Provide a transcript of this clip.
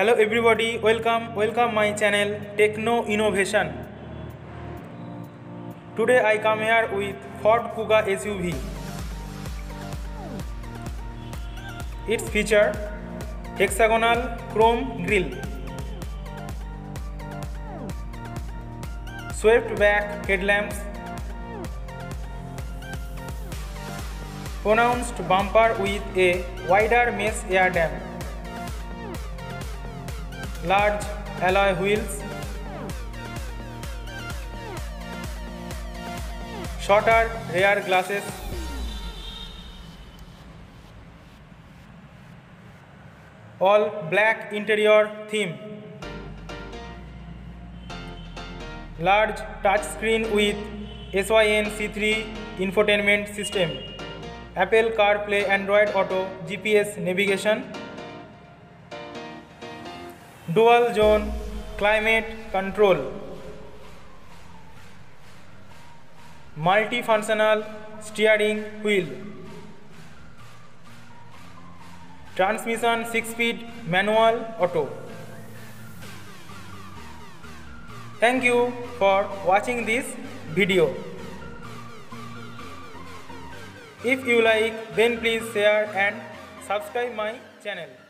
Hello everybody welcome welcome my channel techno innovation today I come here with Ford Kuga as its feature hexagonal chrome grille swept back headlamp pronounced bumper with a wider mesh air dam large alloy wheels, shorter rear glasses, all black interior theme, large touchscreen with SYN-C3 infotainment system, Apple CarPlay, Android Auto, GPS navigation, dual zone climate control multi functional steering wheel transmission six speed manual auto Thank you for watching this video. If you like then please share and subscribe my channel.